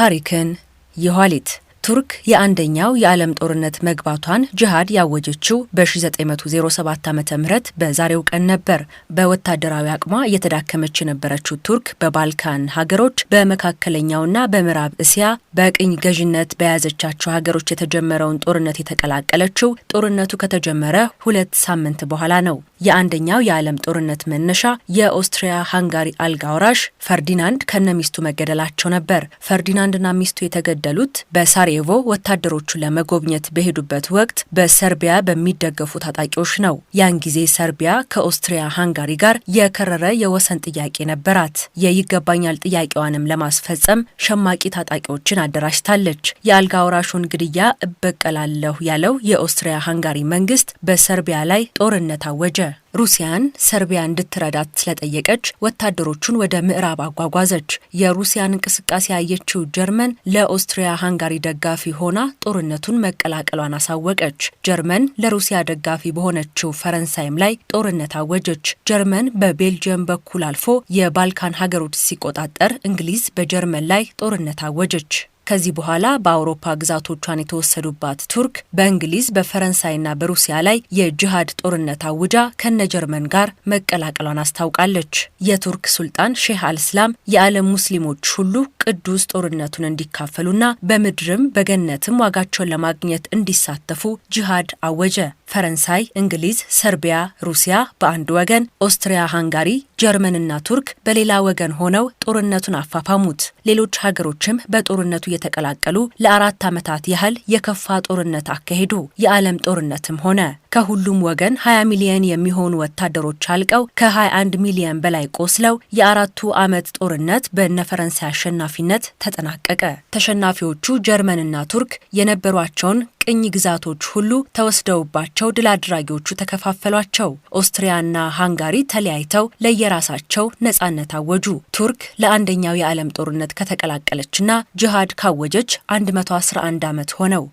ታሪክን የኋሊት ቱርክ የአንደኛው የዓለም ጦርነት መግባቷን ጅሃድ ያወጀችው በ1907 ዓ ም በዛሬው ቀን ነበር። በወታደራዊ አቅሟ እየተዳከመች የነበረችው ቱርክ በባልካን ሀገሮች፣ በመካከለኛውና በምዕራብ እስያ በቅኝ ገዥነት በያዘቻቸው ሀገሮች የተጀመረውን ጦርነት የተቀላቀለችው ጦርነቱ ከተጀመረ ሁለት ሳምንት በኋላ ነው። የአንደኛው የዓለም ጦርነት መነሻ የኦስትሪያ ሃንጋሪ አልጋ ወራሽ ፈርዲናንድ ከነ ሚስቱ መገደላቸው ነበር። ፈርዲናንድና ሚስቱ የተገደሉት በሳሬ ሳራየቮ ወታደሮቹ ለመጎብኘት በሄዱበት ወቅት በሰርቢያ በሚደገፉ ታጣቂዎች ነው። ያን ጊዜ ሰርቢያ ከኦስትሪያ ሃንጋሪ ጋር የከረረ የወሰን ጥያቄ ነበራት። የይገባኛል ጥያቄዋንም ለማስፈጸም ሸማቂ ታጣቂዎችን አደራጅታለች። የአልጋ ወራሹን ግድያ እበቀላለሁ ያለው የኦስትሪያ ሃንጋሪ መንግስት በሰርቢያ ላይ ጦርነት አወጀ። ሩሲያን ሰርቢያ እንድትረዳት ስለጠየቀች ወታደሮቹን ወደ ምዕራብ አጓጓዘች። የሩሲያን እንቅስቃሴ ያየችው ጀርመን ለኦስትሪያ ሃንጋሪ ደጋፊ ሆና ጦርነቱን መቀላቀሏን አሳወቀች። ጀርመን ለሩሲያ ደጋፊ በሆነችው ፈረንሳይም ላይ ጦርነት አወጀች። ጀርመን በቤልጅየም በኩል አልፎ የባልካን ሀገሮች ሲቆጣጠር፣ እንግሊዝ በጀርመን ላይ ጦርነት አወጀች። ከዚህ በኋላ በአውሮፓ ግዛቶቿን የተወሰዱባት ቱርክ በእንግሊዝ በፈረንሳይና በሩሲያ ላይ የጂሃድ ጦርነት አውጃ ከነ ጀርመን ጋር መቀላቀሏን አስታውቃለች። የቱርክ ሱልጣን ሼህ አልስላም የዓለም ሙስሊሞች ሁሉ ቅዱስ ጦርነቱን እንዲካፈሉና በምድርም በገነትም ዋጋቸውን ለማግኘት እንዲሳተፉ ጂሃድ አወጀ። ፈረንሳይ፣ እንግሊዝ፣ ሰርቢያ፣ ሩሲያ በአንድ ወገን፣ ኦስትሪያ ሃንጋሪ፣ ጀርመንና ቱርክ በሌላ ወገን ሆነው ጦርነቱን አፋፋሙት። ሌሎች ሀገሮችም በጦርነቱ የተቀላቀሉ ለአራት ዓመታት ያህል የከፋ ጦርነት አካሄዱ። የዓለም ጦርነትም ሆነ ከሁሉም ወገን 20 ሚሊየን የሚሆኑ ወታደሮች አልቀው ከ21 ሚሊየን በላይ ቆስለው የአራቱ ዓመት ጦርነት ፈረንሳይ አሸናፊነት ተጠናቀቀ። ተሸናፊዎቹ ጀርመንና ቱርክ የነበሯቸውን ቅኝ ግዛቶች ሁሉ ተወስደውባቸው ድል አድራጊዎቹ ተከፋፈሏቸው። ኦስትሪያና ሃንጋሪ ተለያይተው ለየራሳቸው ነጻነት አወጁ። ቱርክ ለአንደኛው የዓለም ጦርነት ከተቀላቀለችና ጅሃድ ካወጀች 111 ዓመት ሆነው